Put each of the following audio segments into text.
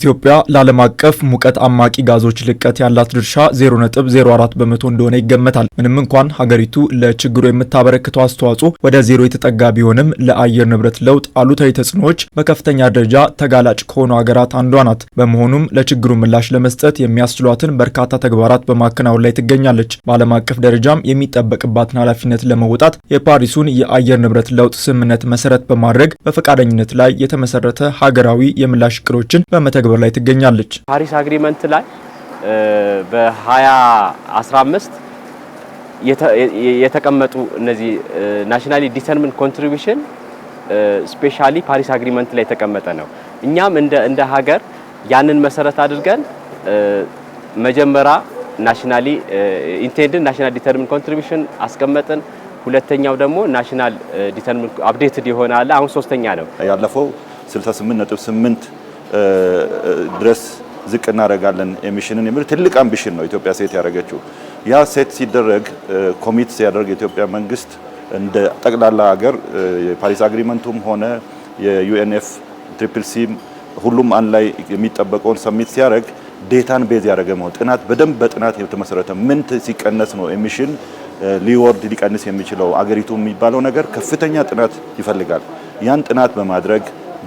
ኢትዮጵያ ለዓለም አቀፍ ሙቀት አማቂ ጋዞች ልቀት ያላት ድርሻ 0.04 በመቶ እንደሆነ ይገመታል። ምንም እንኳን ሀገሪቱ ለችግሩ የምታበረክተው አስተዋጽኦ ወደ ዜሮ የተጠጋ ቢሆንም ለአየር ንብረት ለውጥ አሉታዊ ተጽዕኖዎች በከፍተኛ ደረጃ ተጋላጭ ከሆኑ ሀገራት አንዷ ናት። በመሆኑም ለችግሩ ምላሽ ለመስጠት የሚያስችሏትን በርካታ ተግባራት በማከናወን ላይ ትገኛለች። በዓለም አቀፍ ደረጃም የሚጠበቅባትን ኃላፊነት ለመወጣት የፓሪሱን የአየር ንብረት ለውጥ ስምምነት መሰረት በማድረግ በፈቃደኝነት ላይ የተመሰረተ ሀገራዊ የምላሽ እቅዶችን በመተግበር በመተግበር ላይ ትገኛለች። ፓሪስ አግሪመንት ላይ በ2015 የተቀመጡ እነዚህ ናሽናሊ ዲተርሚን ኮንትሪቢሽን ስፔሻሊ ፓሪስ አግሪመንት ላይ የተቀመጠ ነው። እኛም እንደ ሀገር ያንን መሰረት አድርገን መጀመሪያ ናሽናሊ ኢንቴንድን ናሽናል ዲተርሚን ኮንትሪቢሽን አስቀመጥን። ሁለተኛው ደግሞ ናሽናል ዲተርሚን አፕዴትድ የሆነ አለ። አሁን ሶስተኛ ነው ያለፈው 8 ድረስ ዝቅ እናደርጋለን ኤሚሽንን የሚል ትልቅ አምቢሽን ነው ኢትዮጵያ ሴት ያደረገችው። ያ ሴት ሲደረግ ኮሚት ሲያደርግ የኢትዮጵያ መንግስት እንደ ጠቅላላ ሀገር የፓሪስ አግሪመንቱም ሆነ የዩኤንኤፍ ትሪፕል ሲም ሁሉም አንድ ላይ የሚጠበቀውን ሰሚት ሲያደርግ ዴታን ቤዝ ያደረገ መሆን ጥናት በደንብ በጥናት የተመሰረተ ምን ሲቀነስ ነው ኤሚሽን ሊወርድ ሊቀንስ የሚችለው አገሪቱ የሚባለው ነገር ከፍተኛ ጥናት ይፈልጋል። ያን ጥናት በማድረግ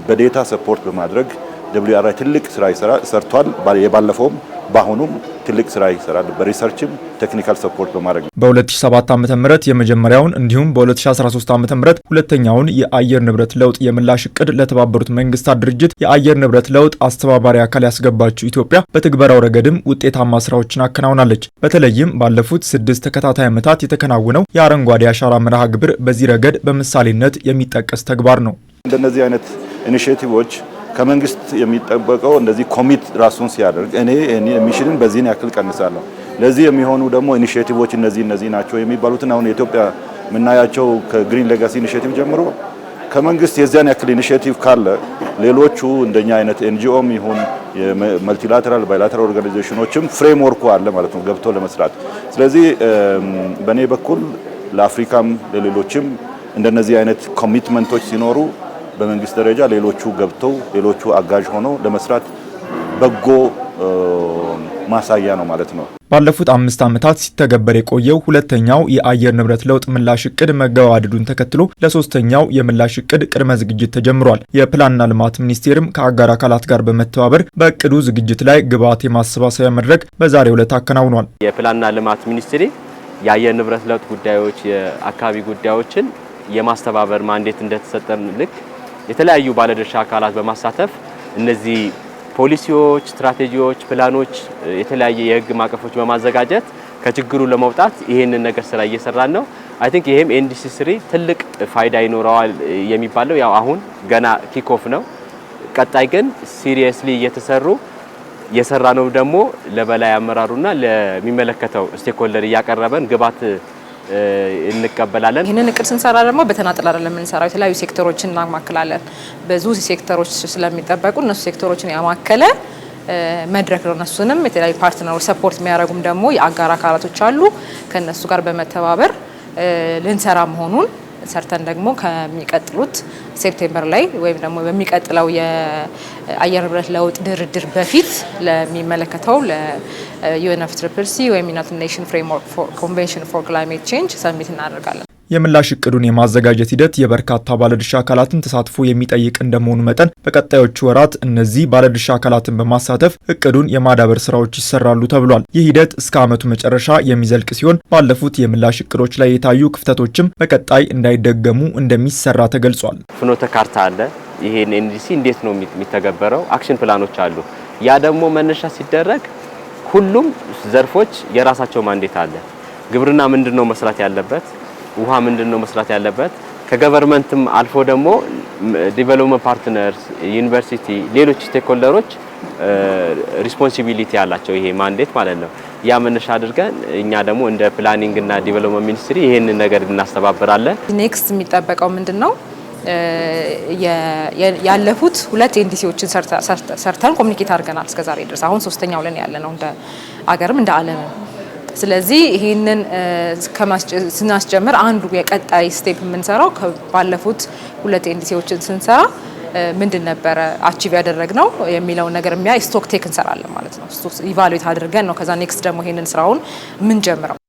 በዴታ ሰፖርት በማድረግ ደብሊው አር አይ ትልቅ ስራ ሰርቷል። የባለፈውም በአሁኑም ትልቅ ስራ ይሰራል። በሪሰርችም ቴክኒካል ሰፖርት በማድረግ በ2007 ዓ ም የመጀመሪያውን እንዲሁም በ2013 ዓ ም ሁለተኛውን የአየር ንብረት ለውጥ የምላሽ እቅድ ለተባበሩት መንግስታት ድርጅት የአየር ንብረት ለውጥ አስተባባሪ አካል ያስገባችው ኢትዮጵያ በትግበራው ረገድም ውጤታማ ስራዎችን አከናውናለች። በተለይም ባለፉት ስድስት ተከታታይ ዓመታት የተከናወነው የአረንጓዴ አሻራ መርሃ ግብር በዚህ ረገድ በምሳሌነት የሚጠቀስ ተግባር ነው። እንደነዚህ አይነት ኢኒሽቲቭዎች ከመንግስት የሚጠበቀው እንደዚህ ኮሚት ራሱን ሲያደርግ እኔ ሚሽንን በዚህን ያክል ቀንሳለሁ፣ ለዚህ የሚሆኑ ደግሞ ኢኒሼቲቮች እነዚህ እነዚህ ናቸው የሚባሉትን አሁን የኢትዮጵያ የምናያቸው ከግሪን ሌጋሲ ኢኒሽቲቭ ጀምሮ ከመንግስት የዚያን ያክል ኢኒሽቲቭ ካለ ሌሎቹ እንደኛ አይነት ኤንጂኦም ይሁን የመልቲላተራል ባይላተራል ኦርጋናይዜሽኖችም ፍሬምወርኩ አለ ማለት ነው ገብቶ ለመስራት። ስለዚህ በእኔ በኩል ለአፍሪካም ለሌሎችም እንደነዚህ አይነት ኮሚትመንቶች ሲኖሩ በመንግስት ደረጃ ሌሎቹ ገብተው ሌሎቹ አጋዥ ሆነው ለመስራት በጎ ማሳያ ነው ማለት ነው። ባለፉት አምስት ዓመታት ሲተገበር የቆየው ሁለተኛው የአየር ንብረት ለውጥ ምላሽ እቅድ መገባደዱን ተከትሎ ለሶስተኛው የምላሽ እቅድ ቅድመ ዝግጅት ተጀምሯል። የፕላንና ልማት ሚኒስቴርም ከአጋር አካላት ጋር በመተባበር በእቅዱ ዝግጅት ላይ ግብዓት የማሰባሰቢያ መድረክ በዛሬው ዕለት አከናውኗል። የፕላንና ልማት ሚኒስቴር የአየር ንብረት ለውጥ ጉዳዮች፣ የአካባቢ ጉዳዮችን የማስተባበር ማንዴት እንደተሰጠን ልክ የተለያዩ ባለድርሻ አካላት በማሳተፍ እነዚህ ፖሊሲዎች፣ ስትራቴጂዎች፣ ፕላኖች የተለያየ የህግ ማቀፎች በማዘጋጀት ከችግሩ ለመውጣት ይሄንን ነገር ስራ እየሰራን ነው። አይ ቲንክ ይሄም ኤንዲሲ ስሪ ትልቅ ፋይዳ ይኖረዋል የሚባለው ያው አሁን ገና ኪኮፍ ነው። ቀጣይ ግን ሲሪየስሊ እየተሰሩ የሰራ ነው ደግሞ ለበላይ አመራሩና ለሚመለከተው ስቴክሆልደር እያቀረበን ግባት እንቀበላለን። ይህንን እቅድ ስንሰራ ደግሞ በተናጠል አይደለም የምንሰራው፣ የተለያዩ ሴክተሮችን እናማክላለን። ብዙ ሴክተሮች ስለሚጠበቁ እነሱ ሴክተሮችን ያማከለ መድረክ ነው። እነሱንም የተለያዩ ፓርትነሮች ሰፖርት የሚያደርጉም ደግሞ የአጋር አካላቶች አሉ። ከእነሱ ጋር በመተባበር ልንሰራ መሆኑን ሰርተን ደግሞ ከሚቀጥሉት ሴፕቴምበር ላይ ወይም ደግሞ በሚቀጥለው የአየር ንብረት ለውጥ ድርድር በፊት ለሚመለከተው ለዩኤንኤፍሲሲሲ ወይም ዩናይትድ ኔሽን ፍሬምወርክ ኮንቬንሽን ፎር ክላይሜት ቼንጅ ሰሚት እናደርጋለን። የምላሽ እቅዱን የማዘጋጀት ሂደት የበርካታ ባለድርሻ አካላትን ተሳትፎ የሚጠይቅ እንደመሆኑ መጠን በቀጣዮቹ ወራት እነዚህ ባለድርሻ አካላትን በማሳተፍ እቅዱን የማዳበር ስራዎች ይሰራሉ ተብሏል። ይህ ሂደት እስከ ዓመቱ መጨረሻ የሚዘልቅ ሲሆን ባለፉት የምላሽ እቅዶች ላይ የታዩ ክፍተቶችም በቀጣይ እንዳይደገሙ እንደሚሰራ ተገልጿል። ፍኖተ ካርታ አለ። ይሄን ኤንዲሲ እንዴት ነው የሚተገበረው? አክሽን ፕላኖች አሉ። ያ ደግሞ መነሻ ሲደረግ ሁሉም ዘርፎች የራሳቸው ማንዴት አለ። ግብርና ምንድን ነው መስራት ያለበት ውሃ ምንድን ነው መስራት ያለበት ከገቨርመንትም አልፎ ደግሞ ዲቨሎፕመንት ፓርትነርስ፣ ዩኒቨርሲቲ፣ ሌሎች ስቴክሆልደሮች ሪስፖንሲቢሊቲ ያላቸው ይሄ ማንዴት ማለት ነው። ያ መነሻ አድርገን እኛ ደግሞ እንደ ፕላኒንግ እና ዲቨሎፕመንት ሚኒስትሪ ይህን ነገር እናስተባብራለን። ኔክስት የሚጠበቀው ምንድን ነው? ያለፉት ሁለት ኤንዲሲዎችን ሰርተን ኮሚኒኬት አድርገናል እስከዛሬ ድረስ። አሁን ሶስተኛው ለን ያለ ነው እንደ አገርም እንደ አለምም ስለዚህ ይህንን ስናስጀምር አንዱ የቀጣይ ስቴፕ የምንሰራው ባለፉት ሁለት ኤንዲሲዎችን ስንሰራ ምንድን ነበረ አቺቭ ነው የሚለውን ነገር የሚያ ስቶክ ቴክ እንሰራለን ማለት ነው። ኢቫሉዌት አድርገን ነው ከዛ ኔክስት ደግሞ ይሄንን ስራውን የምንጀምረው።